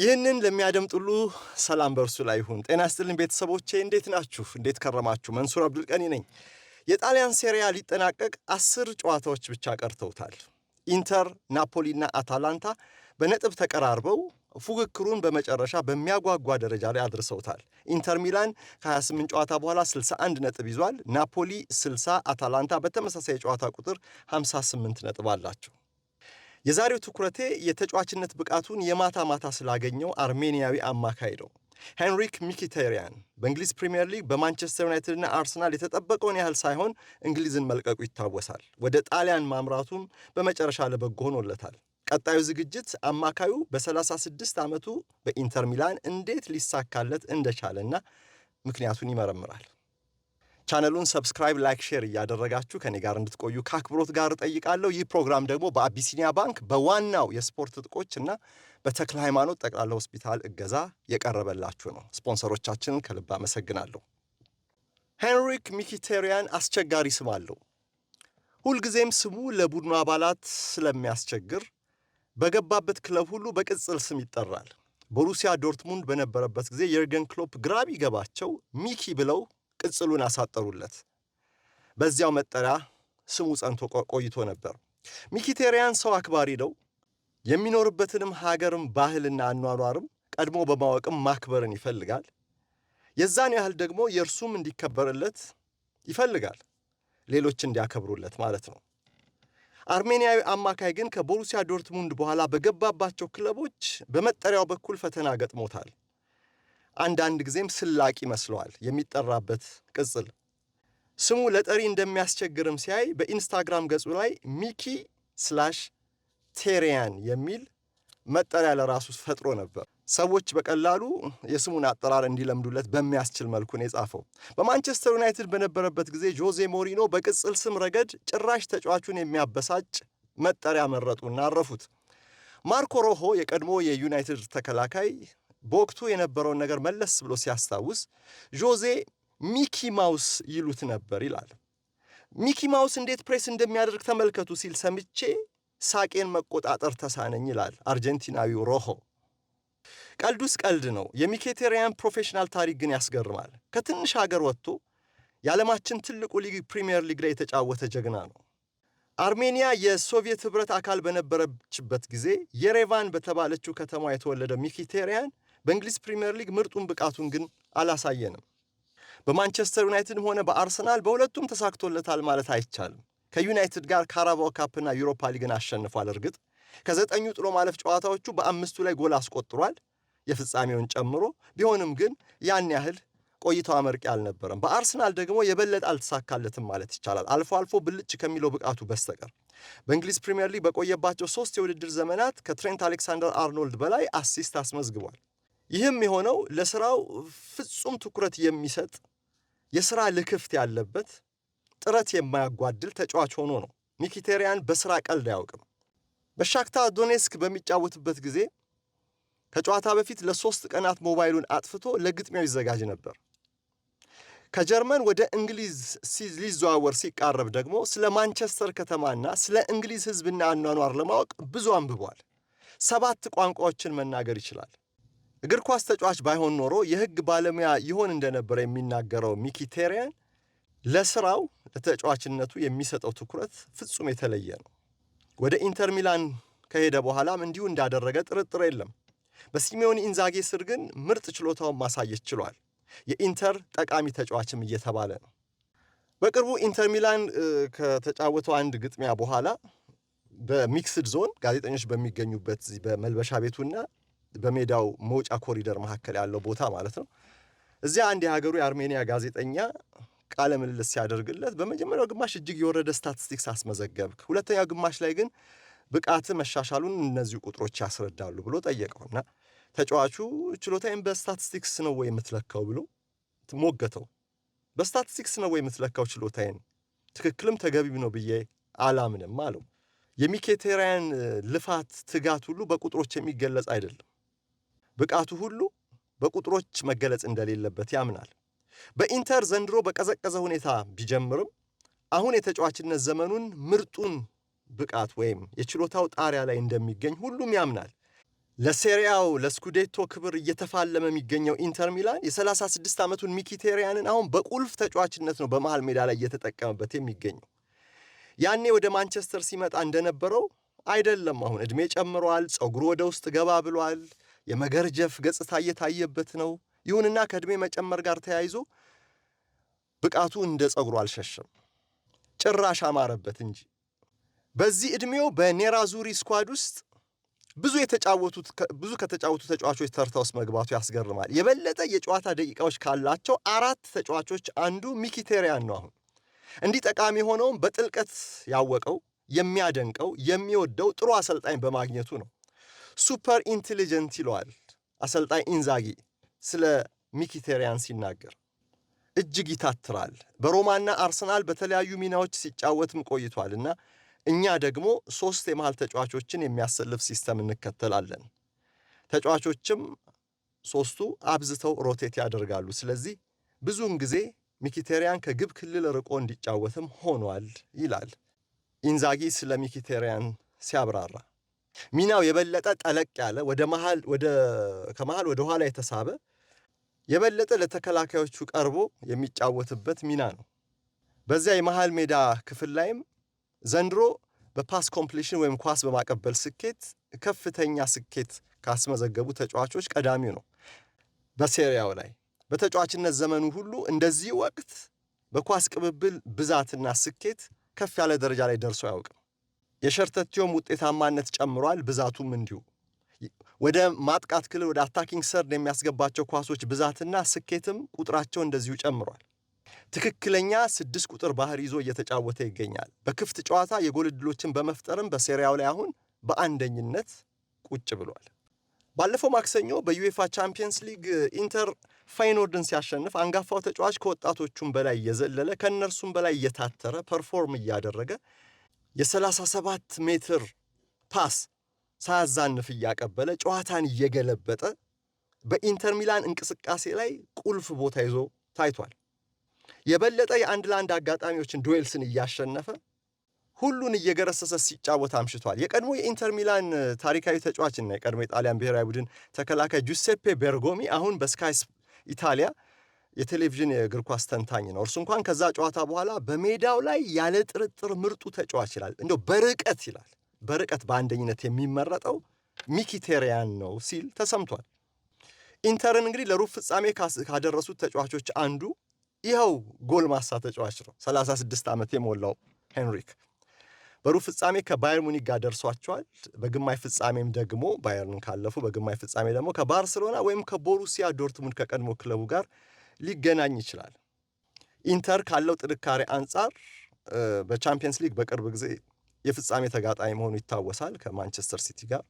ይህንን ለሚያደምጥ ሁሉ ሰላም በእርሱ ላይ ይሁን። ጤና ስጥልን ቤተሰቦቼ፣ እንዴት ናችሁ? እንዴት ከረማችሁ? መንሱር አብዱልቀኒ ነኝ። የጣሊያን ሴሪያ ሊጠናቀቅ አስር ጨዋታዎች ብቻ ቀርተውታል። ኢንተር፣ ናፖሊና አታላንታ በነጥብ ተቀራርበው ፉክክሩን በመጨረሻ በሚያጓጓ ደረጃ ላይ አድርሰውታል። ኢንተር ሚላን ከ28 ጨዋታ በኋላ 61 ነጥብ ይዟል። ናፖሊ 60፣ አታላንታ በተመሳሳይ ጨዋታ ቁጥር 58 ነጥብ አላቸው። የዛሬው ትኩረቴ የተጫዋችነት ብቃቱን የማታ ማታ ስላገኘው አርሜኒያዊ አማካይ ነው። ሄንሪክ ሚኪቴሪያን በእንግሊዝ ፕሪምየር ሊግ በማንቸስተር እና አርሰናል የተጠበቀውን ያህል ሳይሆን እንግሊዝን መልቀቁ ይታወሳል። ወደ ጣሊያን ማምራቱም በመጨረሻ ለበጎ ሆኖለታል። ቀጣዩ ዝግጅት አማካዩ በ36 ዓመቱ በኢንተር ሚላን እንዴት ሊሳካለት እንደቻለና ምክንያቱን ይመረምራል። ቻነሉን ሰብስክራይብ፣ ላይክ፣ ሼር እያደረጋችሁ ከኔ ጋር እንድትቆዩ ከአክብሮት ጋር እጠይቃለሁ። ይህ ፕሮግራም ደግሞ በአቢሲኒያ ባንክ በዋናው የስፖርት ጥቆች እና በተክለ ሃይማኖት ጠቅላላ ሆስፒታል እገዛ የቀረበላችሁ ነው። ስፖንሰሮቻችን ከልብ አመሰግናለሁ። ሄንሪክ ሚኪቴሪያን አስቸጋሪ ስም አለው። ሁልጊዜም ስሙ ለቡድኑ አባላት ስለሚያስቸግር በገባበት ክለብ ሁሉ በቅጽል ስም ይጠራል። ቦሩሲያ ዶርትሙንድ በነበረበት ጊዜ የርገን ክሎፕ ግራ ቢገባቸው ሚኪ ብለው ቅጽሉን አሳጠሩለት። በዚያው መጠሪያ ስሙ ጸንቶ ቆይቶ ነበር። ሚኪቴሪያን ሰው አክባሪ ነው። የሚኖርበትንም ሀገርም ባህልና አኗኗርም ቀድሞ በማወቅም ማክበርን ይፈልጋል። የዛን ያህል ደግሞ የእርሱም እንዲከበርለት ይፈልጋል፣ ሌሎች እንዲያከብሩለት ማለት ነው። አርሜኒያዊ አማካይ ግን ከቦሩሲያ ዶርትሙንድ በኋላ በገባባቸው ክለቦች በመጠሪያው በኩል ፈተና ገጥሞታል። አንዳንድ ጊዜም ስላቅ ይመስለዋል የሚጠራበት ቅጽል። ስሙ ለጠሪ እንደሚያስቸግርም ሲያይ በኢንስታግራም ገጹ ላይ ሚኪ ስላሽ ቴሪያን የሚል መጠሪያ ለራሱ ፈጥሮ ነበር። ሰዎች በቀላሉ የስሙን አጠራር እንዲለምዱለት በሚያስችል መልኩ ነው የጻፈው። በማንቸስተር ዩናይትድ በነበረበት ጊዜ ጆዜ ሞሪኖ በቅጽል ስም ረገድ ጭራሽ ተጫዋቹን የሚያበሳጭ መጠሪያ መረጡና አረፉት። ማርኮ ሮሆ የቀድሞ የዩናይትድ ተከላካይ በወቅቱ የነበረውን ነገር መለስ ብሎ ሲያስታውስ ዦዜ ሚኪ ማውስ ይሉት ነበር ይላል። ሚኪ ማውስ እንዴት ፕሬስ እንደሚያደርግ ተመልከቱ ሲል ሰምቼ ሳቄን መቆጣጠር ተሳነኝ ይላል አርጀንቲናዊው ሮሆ። ቀልዱስ ቀልድ ነው። የሚኬቴሪያን ፕሮፌሽናል ታሪክ ግን ያስገርማል። ከትንሽ ሀገር ወጥቶ የዓለማችን ትልቁ ሊግ ፕሪምየር ሊግ ላይ የተጫወተ ጀግና ነው። አርሜኒያ የሶቪየት ኅብረት አካል በነበረችበት ጊዜ የሬቫን በተባለችው ከተማ የተወለደ ሚኪቴሪያን በእንግሊዝ ፕሪምየር ሊግ ምርጡን ብቃቱን ግን አላሳየንም። በማንቸስተር ዩናይትድም ሆነ በአርሰናል በሁለቱም ተሳክቶለታል ማለት አይቻልም። ከዩናይትድ ጋር ካራባኦ ካፕና ዩሮፓ ሊግን አሸንፏል። እርግጥ ከዘጠኙ ጥሎ ማለፍ ጨዋታዎቹ በአምስቱ ላይ ጎል አስቆጥሯል፣ የፍጻሜውን ጨምሮ። ቢሆንም ግን ያን ያህል ቆይታው አመርቂ አልነበረም። በአርሰናል ደግሞ የበለጠ አልተሳካለትም ማለት ይቻላል፣ አልፎ አልፎ ብልጭ ከሚለው ብቃቱ በስተቀር። በእንግሊዝ ፕሪምየር ሊግ በቆየባቸው ሶስት የውድድር ዘመናት ከትሬንት አሌክሳንደር አርኖልድ በላይ አሲስት አስመዝግቧል። ይህም የሆነው ለስራው ፍጹም ትኩረት የሚሰጥ የስራ ልክፍት ያለበት ጥረት የማያጓድል ተጫዋች ሆኖ ነው። ሚኪቴሪያን በስራ ቀልድ አያውቅም። በሻክታ ዶኔስክ በሚጫወትበት ጊዜ ከጨዋታ በፊት ለሶስት ቀናት ሞባይሉን አጥፍቶ ለግጥሚያው ይዘጋጅ ነበር። ከጀርመን ወደ እንግሊዝ ሊዘዋወር ሲቃረብ ደግሞ ስለ ማንቸስተር ከተማና ስለ እንግሊዝ ሕዝብና አኗኗር ለማወቅ ብዙ አንብቧል። ሰባት ቋንቋዎችን መናገር ይችላል። እግር ኳስ ተጫዋች ባይሆን ኖሮ የህግ ባለሙያ ይሆን እንደነበረ የሚናገረው ሚኪቴሪያን ለስራው ለተጫዋችነቱ የሚሰጠው ትኩረት ፍጹም የተለየ ነው። ወደ ኢንተር ሚላን ከሄደ በኋላም እንዲሁ እንዳደረገ ጥርጥር የለም። በሲሜዮን ኢንዛጌ ስር ግን ምርጥ ችሎታውን ማሳየት ችሏል። የኢንተር ጠቃሚ ተጫዋችም እየተባለ ነው። በቅርቡ ኢንተር ሚላን ከተጫወተው አንድ ግጥሚያ በኋላ በሚክስድ ዞን ጋዜጠኞች በሚገኙበት በመልበሻ ቤቱና በሜዳው መውጫ ኮሪደር መካከል ያለው ቦታ ማለት ነው። እዚያ አንድ የሀገሩ የአርሜኒያ ጋዜጠኛ ቃለ ምልልስ ሲያደርግለት በመጀመሪያው ግማሽ እጅግ የወረደ ስታቲስቲክስ አስመዘገብክ፣ ሁለተኛው ግማሽ ላይ ግን ብቃት መሻሻሉን እነዚሁ ቁጥሮች ያስረዳሉ ብሎ ጠየቀውና ተጫዋቹ ችሎታዬን በስታቲስቲክስ ነው ወይ የምትለካው ብሎ ሞገተው። በስታቲስቲክስ ነው ወይ የምትለካው ችሎታዬን? ትክክልም ተገቢም ነው ብዬ አላምንም አለው። የሚኬቴራያን ልፋት ትጋት ሁሉ በቁጥሮች የሚገለጽ አይደለም። ብቃቱ ሁሉ በቁጥሮች መገለጽ እንደሌለበት ያምናል። በኢንተር ዘንድሮ በቀዘቀዘ ሁኔታ ቢጀምርም አሁን የተጫዋችነት ዘመኑን ምርጡን ብቃት ወይም የችሎታው ጣሪያ ላይ እንደሚገኝ ሁሉም ያምናል። ለሴሪያው ለስኩዴቶ ክብር እየተፋለመ የሚገኘው ኢንተር ሚላን የ36 ዓመቱን ሚኪቴሪያንን አሁን በቁልፍ ተጫዋችነት ነው በመሃል ሜዳ ላይ እየተጠቀመበት የሚገኘው። ያኔ ወደ ማንቸስተር ሲመጣ እንደነበረው አይደለም። አሁን እድሜ ጨምሯል። ፀጉሩ ወደ ውስጥ ገባ ብሏል። የመገርጀፍ ገጽታ እየታየበት ነው። ይሁንና ከዕድሜ መጨመር ጋር ተያይዞ ብቃቱ እንደ ጸጉሩ አልሸሸም፣ ጭራሽ አማረበት እንጂ። በዚህ ዕድሜው በኔራዙሪ ስኳድ ውስጥ ብዙ የተጫወቱት ብዙ ከተጫወቱ ተጫዋቾች ተርታ ውስጥ መግባቱ ያስገርማል። የበለጠ የጨዋታ ደቂቃዎች ካላቸው አራት ተጫዋቾች አንዱ ሚኪቴሪያን ነው። አሁን እንዲህ ጠቃሚ ሆነውም በጥልቀት ያወቀው የሚያደንቀው የሚወደው ጥሩ አሰልጣኝ በማግኘቱ ነው። ሱፐር ኢንቴሊጀንት ይለዋል አሰልጣኝ ኢንዛጊ ስለ ሚኪቴሪያን ሲናገር። እጅግ ይታትራል። በሮማና አርሰናል በተለያዩ ሚናዎች ሲጫወትም እና እኛ ደግሞ ሶስት የመሃል ተጫዋቾችን የሚያሰልፍ ሲስተም እንከተላለን። ተጫዋቾችም ሶስቱ አብዝተው ሮቴት ያደርጋሉ። ስለዚህ ብዙውን ጊዜ ሚኪቴሪያን ከግብ ክልል ርቆ እንዲጫወትም ሆኗል ይላል ኢንዛጊ ስለ ሚኪቴሪያን ሲያብራራ ሚናው የበለጠ ጠለቅ ያለ ወደ መሃል ወደ ከመሃል ወደ ኋላ የተሳበ የበለጠ ለተከላካዮቹ ቀርቦ የሚጫወትበት ሚና ነው። በዚያ የመሃል ሜዳ ክፍል ላይም ዘንድሮ በፓስ ኮምፕሊሽን ወይም ኳስ በማቀበል ስኬት ከፍተኛ ስኬት ካስመዘገቡ ተጫዋቾች ቀዳሚው ነው። በሴሪያው ላይ በተጫዋችነት ዘመኑ ሁሉ እንደዚህ ወቅት በኳስ ቅብብል ብዛትና ስኬት ከፍ ያለ ደረጃ ላይ ደርሶ አያውቅም። የሸርተቴውም ውጤታማነት ጨምሯል፣ ብዛቱም እንዲሁ። ወደ ማጥቃት ክልል ወደ አታኪንግ ሰርድ የሚያስገባቸው ኳሶች ብዛትና ስኬትም ቁጥራቸው እንደዚሁ ጨምሯል። ትክክለኛ ስድስት ቁጥር ባህር ይዞ እየተጫወተ ይገኛል። በክፍት ጨዋታ የጎል ዕድሎችን በመፍጠርም በሴሪያው ላይ አሁን በአንደኝነት ቁጭ ብሏል። ባለፈው ማክሰኞ በዩኤፋ ቻምፒየንስ ሊግ ኢንተር ፋይኖርድን ሲያሸንፍ አንጋፋው ተጫዋች ከወጣቶቹም በላይ እየዘለለ ከእነርሱም በላይ እየታተረ ፐርፎርም እያደረገ የ37 ሜትር ፓስ ሳያዛንፍ እያቀበለ ጨዋታን እየገለበጠ በኢንተር ሚላን እንቅስቃሴ ላይ ቁልፍ ቦታ ይዞ ታይቷል። የበለጠ የአንድ ለአንድ አጋጣሚዎችን ዱዌልስን እያሸነፈ ሁሉን እየገረሰሰ ሲጫወት አምሽቷል። የቀድሞ የኢንተር ሚላን ታሪካዊ ተጫዋችና የቀድሞ የጣሊያን ብሔራዊ ቡድን ተከላካይ ጁሴፔ ቤርጎሚ አሁን በስካይ ኢታሊያ የቴሌቪዥን የእግር ኳስ ተንታኝ ነው። እርሱ እንኳን ከዛ ጨዋታ በኋላ በሜዳው ላይ ያለ ጥርጥር ምርጡ ተጫዋች ይላል፣ እንደው በርቀት ይላል፣ በርቀት በአንደኝነት የሚመረጠው ሚኪቴሪያን ነው ሲል ተሰምቷል። ኢንተርን እንግዲህ ለሩብ ፍጻሜ ካደረሱት ተጫዋቾች አንዱ ይኸው ጎልማሳ ተጫዋች ነው። 36 ዓመት የሞላው ሄንሪክ በሩብ ፍጻሜ ከባየር ሙኒክ ጋር ደርሷቸዋል። በግማሽ ፍጻሜም ደግሞ ባየርን ካለፉ በግማሽ ፍጻሜ ደግሞ ከባርሴሎና ወይም ከቦሩሲያ ዶርትሙንድ ከቀድሞ ክለቡ ጋር ሊገናኝ ይችላል። ኢንተር ካለው ጥንካሬ አንጻር በቻምፒየንስ ሊግ በቅርብ ጊዜ የፍጻሜ ተጋጣሚ መሆኑ ይታወሳል ከማንቸስተር ሲቲ ጋር።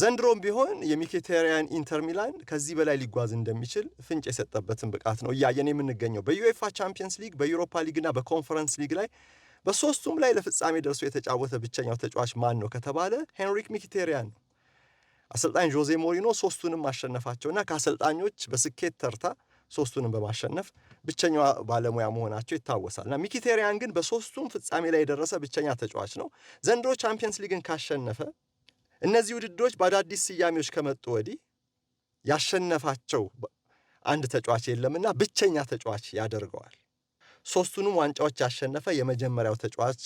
ዘንድሮም ቢሆን የሚኬቴሪያን ኢንተር ሚላን ከዚህ በላይ ሊጓዝ እንደሚችል ፍንጭ የሰጠበትን ብቃት ነው እያየን የምንገኘው። በዩኤፋ ቻምፒየንስ ሊግ፣ በዩሮፓ ሊግና በኮንፈረንስ ሊግ ላይ በሶስቱም ላይ ለፍጻሜ ደርሶ የተጫወተ ብቸኛው ተጫዋች ማን ነው ከተባለ ሄንሪክ ሚኬቴሪያን ነው። አሰልጣኝ ጆዜ ሞሪኖ ሶስቱንም ማሸነፋቸውና ከአሰልጣኞች በስኬት ተርታ ሶስቱንም በማሸነፍ ብቸኛዋ ባለሙያ መሆናቸው ይታወሳል። እና ሚኪቴሪያን ግን በሶስቱም ፍጻሜ ላይ የደረሰ ብቸኛ ተጫዋች ነው። ዘንድሮ ቻምፒየንስ ሊግን ካሸነፈ እነዚህ ውድድሮች በአዳዲስ ስያሜዎች ከመጡ ወዲህ ያሸነፋቸው አንድ ተጫዋች የለምና ብቸኛ ተጫዋች ያደርገዋል። ሶስቱንም ዋንጫዎች ያሸነፈ የመጀመሪያው ተጫዋች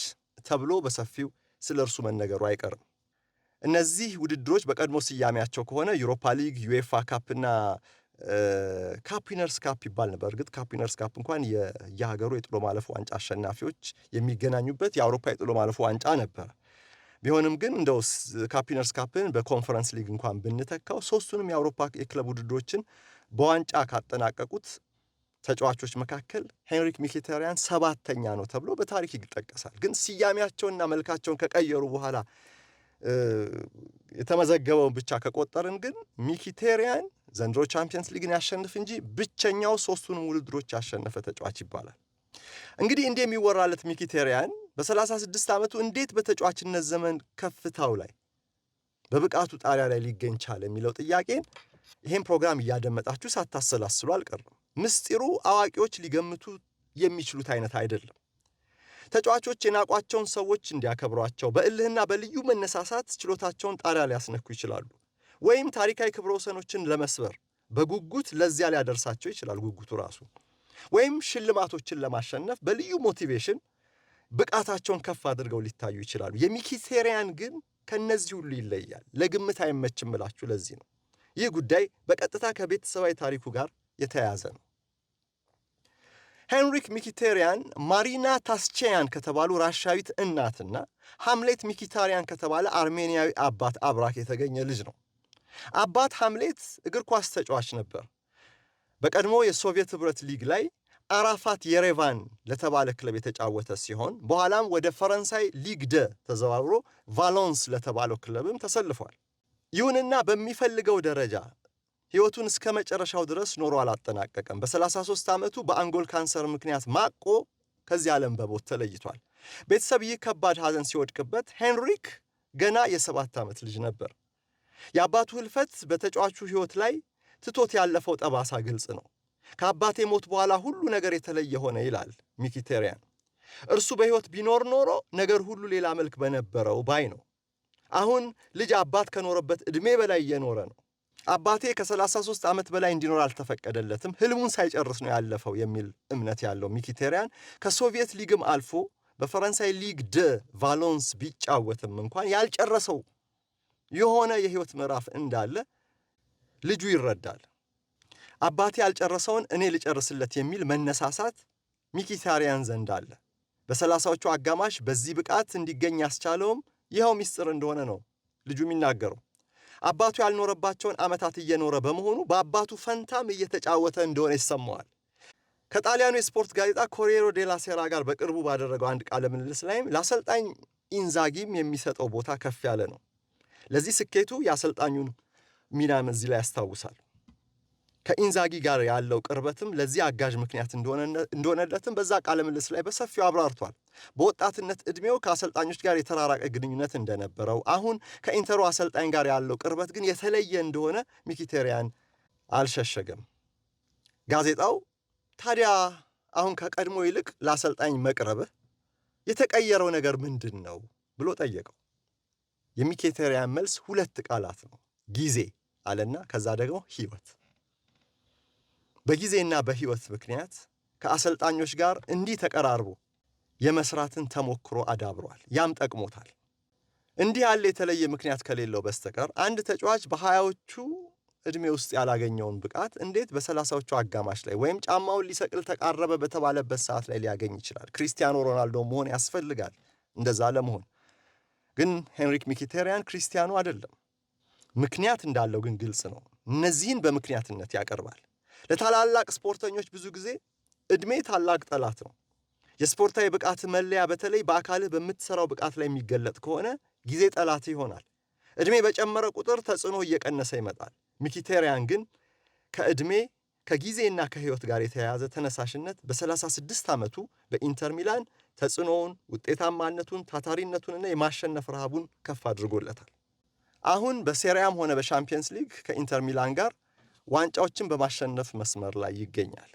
ተብሎ በሰፊው ስለ እርሱ መነገሩ አይቀርም። እነዚህ ውድድሮች በቀድሞ ስያሜያቸው ከሆነ ዩሮፓ ሊግ፣ ዩኤፋ ካፕና ካፒነርስ ካፕ ይባል ነበር። እርግጥ ካፒነርስ ካፕ እንኳን የሀገሩ የጥሎ ማለፍ ዋንጫ አሸናፊዎች የሚገናኙበት የአውሮፓ የጥሎ ማለፍ ዋንጫ ነበር። ቢሆንም ግን እንደው ካፒነርስ ካፕን በኮንፈረንስ ሊግ እንኳን ብንተካው ሶስቱንም የአውሮፓ የክለብ ውድድሮችን በዋንጫ ካጠናቀቁት ተጫዋቾች መካከል ሄንሪክ ሚኪታሪያን ሰባተኛ ነው ተብሎ በታሪክ ይጠቀሳል። ግን ስያሜያቸውና መልካቸውን ከቀየሩ በኋላ የተመዘገበውን ብቻ ከቆጠርን ግን ሚኪቴሪያን ዘንድሮ ቻምፒየንስ ሊግን ያሸንፍ እንጂ ብቸኛው ሶስቱንም ውድድሮች ያሸነፈ ተጫዋች ይባላል። እንግዲህ እንዲህ የሚወራለት ሚኪቴሪያን በ36 ዓመቱ እንዴት በተጫዋችነት ዘመን ከፍታው ላይ በብቃቱ ጣሪያ ላይ ሊገኝ ቻለ የሚለው ጥያቄን ይህን ፕሮግራም እያደመጣችሁ ሳታሰላስሉ አልቀርም። ምስጢሩ አዋቂዎች ሊገምቱ የሚችሉት አይነት አይደለም። ተጫዋቾች የናቋቸውን ሰዎች እንዲያከብሯቸው በእልህና በልዩ መነሳሳት ችሎታቸውን ጣሪያ ሊያስነኩ ይችላሉ። ወይም ታሪካዊ ክብረ ወሰኖችን ለመስበር በጉጉት ለዚያ ሊያደርሳቸው ይችላል ጉጉቱ ራሱ ወይም ሽልማቶችን ለማሸነፍ በልዩ ሞቲቬሽን ብቃታቸውን ከፍ አድርገው ሊታዩ ይችላሉ። የሚኪቴሪያን ግን ከነዚህ ሁሉ ይለያል። ለግምት አይመችም እላችሁ ለዚህ ነው። ይህ ጉዳይ በቀጥታ ከቤተሰባዊ ታሪኩ ጋር የተያያዘ ነው። ሄንሪክ ሚኪቴሪያን ማሪና ታስቼያን ከተባሉ ራሻዊት እናትና ሐምሌት ሚኪታሪያን ከተባለ አርሜንያዊ አባት አብራክ የተገኘ ልጅ ነው። አባት ሐምሌት እግር ኳስ ተጫዋች ነበር። በቀድሞ የሶቪየት ኅብረት ሊግ ላይ አራፋት የሬቫን ለተባለ ክለብ የተጫወተ ሲሆን በኋላም ወደ ፈረንሳይ ሊግ ደ ተዘዋውሮ ቫሎንስ ለተባለው ክለብም ተሰልፏል። ይሁንና በሚፈልገው ደረጃ ሕይወቱን እስከ መጨረሻው ድረስ ኖሮ አላጠናቀቀም። በ33 ዓመቱ በአንጎል ካንሰር ምክንያት ማቆ ከዚህ ዓለም በሞት ተለይቷል። ቤተሰብ ይህ ከባድ ሐዘን ሲወድቅበት ሄንሪክ ገና የሰባት ዓመት ልጅ ነበር። የአባቱ ህልፈት በተጫዋቹ ህይወት ላይ ትቶት ያለፈው ጠባሳ ግልጽ ነው። ከአባቴ ሞት በኋላ ሁሉ ነገር የተለየ ሆነ ይላል ሚኪቴሪያን። እርሱ በሕይወት ቢኖር ኖሮ ነገር ሁሉ ሌላ መልክ በነበረው ባይ ነው። አሁን ልጅ አባት ከኖረበት ዕድሜ በላይ እየኖረ ነው። አባቴ ከ33 ዓመት በላይ እንዲኖር አልተፈቀደለትም፣ ህልሙን ሳይጨርስ ነው ያለፈው የሚል እምነት ያለው ሚኪቴሪያን ከሶቪየት ሊግም አልፎ በፈረንሳይ ሊግ ደ ቫሎንስ ቢጫወትም እንኳን ያልጨረሰው የሆነ የህይወት ምዕራፍ እንዳለ ልጁ ይረዳል። አባቴ ያልጨረሰውን እኔ ልጨርስለት የሚል መነሳሳት ሚኪታሪያን ዘንድ አለ። በሰላሳዎቹ አጋማሽ በዚህ ብቃት እንዲገኝ ያስቻለውም ይኸው ሚስጥር እንደሆነ ነው ልጁ የሚናገረው። አባቱ ያልኖረባቸውን ዓመታት እየኖረ በመሆኑ በአባቱ ፈንታም እየተጫወተ እንደሆነ ይሰማዋል። ከጣሊያኑ የስፖርት ጋዜጣ ኮሬሮ ዴላ ሴራ ጋር በቅርቡ ባደረገው አንድ ቃለ ምልልስ ላይም ለአሰልጣኝ ኢንዛጊም የሚሰጠው ቦታ ከፍ ያለ ነው። ለዚህ ስኬቱ የአሰልጣኙን ሚናም እዚህ ላይ ያስታውሳል። ከኢንዛጊ ጋር ያለው ቅርበትም ለዚህ አጋዥ ምክንያት እንደሆነለትም በዛ ቃለ ምልልስ ላይ በሰፊው አብራርቷል። በወጣትነት እድሜው ከአሰልጣኞች ጋር የተራራቀ ግንኙነት እንደነበረው፣ አሁን ከኢንተሩ አሰልጣኝ ጋር ያለው ቅርበት ግን የተለየ እንደሆነ ሚኪቴሪያን አልሸሸገም። ጋዜጣው ታዲያ አሁን ከቀድሞ ይልቅ ለአሰልጣኝ መቅረብህ የተቀየረው ነገር ምንድን ነው ብሎ ጠየቀው። የሚኬቴሪያን መልስ ሁለት ቃላት ነው። ጊዜ አለና ከዛ ደግሞ ህይወት። በጊዜና በህይወት ምክንያት ከአሰልጣኞች ጋር እንዲህ ተቀራርቦ የመስራትን ተሞክሮ አዳብሯል። ያም ጠቅሞታል። እንዲህ ያለ የተለየ ምክንያት ከሌለው በስተቀር አንድ ተጫዋች በሀያዎቹ እድሜ ውስጥ ያላገኘውን ብቃት እንዴት በሰላሳዎቹ አጋማሽ ላይ ወይም ጫማውን ሊሰቅል ተቃረበ በተባለበት ሰዓት ላይ ሊያገኝ ይችላል? ክሪስቲያኖ ሮናልዶ መሆን ያስፈልጋል እንደዛ ለመሆን ግን ሄንሪክ ሚኪቴሪያን ክርስቲያኑ አይደለም። ምክንያት እንዳለው ግን ግልጽ ነው። እነዚህን በምክንያትነት ያቀርባል። ለታላላቅ ስፖርተኞች ብዙ ጊዜ እድሜ ታላቅ ጠላት ነው። የስፖርታዊ ብቃት መለያ በተለይ በአካልህ በምትሰራው ብቃት ላይ የሚገለጥ ከሆነ ጊዜ ጠላት ይሆናል። እድሜ በጨመረ ቁጥር ተጽዕኖ እየቀነሰ ይመጣል። ሚኪቴሪያን ግን ከእድሜ ከጊዜና ከህይወት ጋር የተያያዘ ተነሳሽነት በ36 ዓመቱ በኢንተር ሚላን ተጽዕኖውን፣ ውጤታማነቱን፣ ታታሪነቱንና የማሸነፍ ረሃቡን ከፍ አድርጎለታል። አሁን በሴሪያም ሆነ በሻምፒየንስ ሊግ ከኢንተር ሚላን ጋር ዋንጫዎችን በማሸነፍ መስመር ላይ ይገኛል።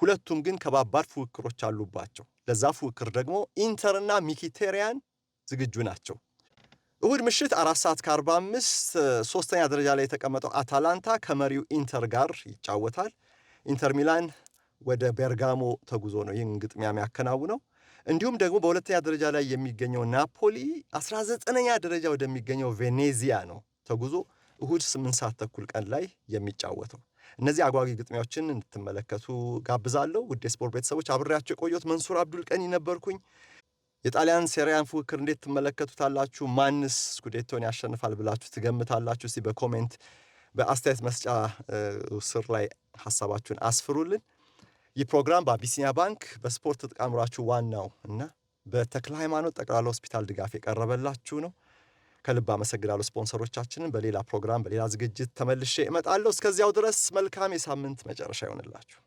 ሁለቱም ግን ከባባድ ፉክክሮች አሉባቸው። ለዛ ፉክክር ደግሞ ኢንተርና ሚኪቴሪያን ዝግጁ ናቸው። እሁድ ምሽት አራት ሰዓት ከ45 ሶስተኛ ደረጃ ላይ የተቀመጠው አታላንታ ከመሪው ኢንተር ጋር ይጫወታል። ኢንተር ሚላን ወደ ቤርጋሞ ተጉዞ ነው ይህን ግጥሚያ የሚያከናውነው። እንዲሁም ደግሞ በሁለተኛ ደረጃ ላይ የሚገኘው ናፖሊ 19ኛ ደረጃ ወደሚገኘው ቬኔዚያ ነው ተጉዞ እሁድ ስምንት ሰዓት ተኩል ቀን ላይ የሚጫወተው። እነዚህ አጓጊ ግጥሚያዎችን እንድትመለከቱ ጋብዛለሁ። ውድ የስፖርት ቤተሰቦች አብሬያቸው የቆየሁት መንሱር አብዱል ቀኒ ነበርኩኝ። የጣሊያን ሴሪያን ፉክክር እንዴት ትመለከቱታላችሁ? ማንስ ስኩዴቶን ያሸንፋል ብላችሁ ትገምታላችሁ? እስቲ በኮሜንት በአስተያየት መስጫ ስር ላይ ሀሳባችሁን አስፍሩልን። ይህ ፕሮግራም በአቢሲኒያ ባንክ፣ በስፖርት ተጠቃምራችሁ ዋናው እና በተክለ ሃይማኖት ጠቅላላ ሆስፒታል ድጋፍ የቀረበላችሁ ነው። ከልብ አመሰግናለሁ ስፖንሰሮቻችንን። በሌላ ፕሮግራም በሌላ ዝግጅት ተመልሼ እመጣለሁ። እስከዚያው ድረስ መልካም የሳምንት መጨረሻ ይሆንላችሁ።